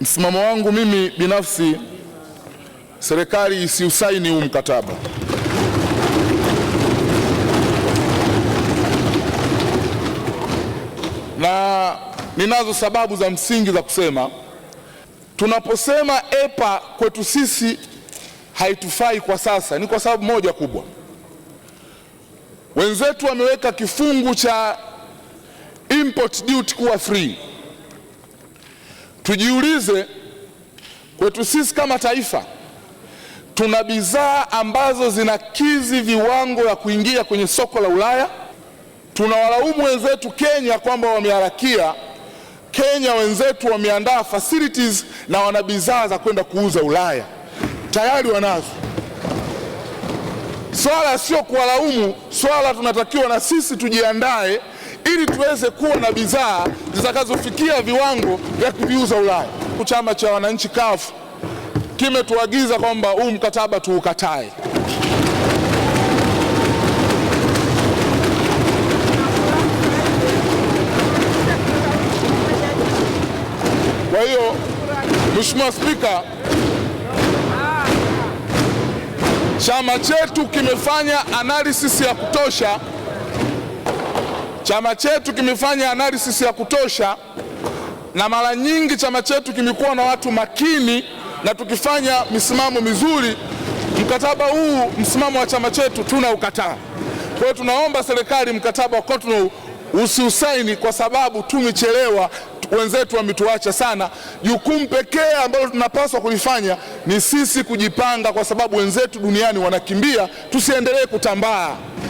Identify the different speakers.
Speaker 1: Msimamo wangu mimi binafsi, serikali isiusaini huu mkataba. Na ninazo sababu za msingi za kusema, tunaposema EPA kwetu sisi haitufai kwa sasa, ni kwa sababu moja kubwa. Wenzetu wameweka kifungu cha import duty kuwa free Tujiulize kwetu sisi kama taifa, tuna bidhaa ambazo zinakidhi viwango ya kuingia kwenye soko la Ulaya. Tunawalaumu wenzetu Kenya kwamba wameharakia. Kenya wenzetu wameandaa facilities na wana bidhaa za kwenda kuuza Ulaya, tayari wanazo. Swala sio kuwalaumu, swala tunatakiwa na sisi tujiandae ili tuweze kuwa na bidhaa zitakazofikia viwango vya kuviuza Ulaya. Chama cha wananchi CUF kimetuagiza kwamba huu mkataba tuukatae. Kwa hiyo Mheshimiwa Spika, chama chetu kimefanya analysis ya kutosha Chama chetu kimefanya analysis ya kutosha, na mara nyingi chama chetu kimekuwa na watu makini, na tukifanya misimamo mizuri. Mkataba huu, msimamo wa chama chetu ukataa. Kwa hiyo tunaomba serikali mkataba wa Cotonou usiusaini kwa sababu tumechelewa, wenzetu wametuacha sana. Jukumu pekee ambalo tunapaswa kulifanya ni sisi kujipanga, kwa sababu wenzetu duniani wanakimbia, tusiendelee kutambaa.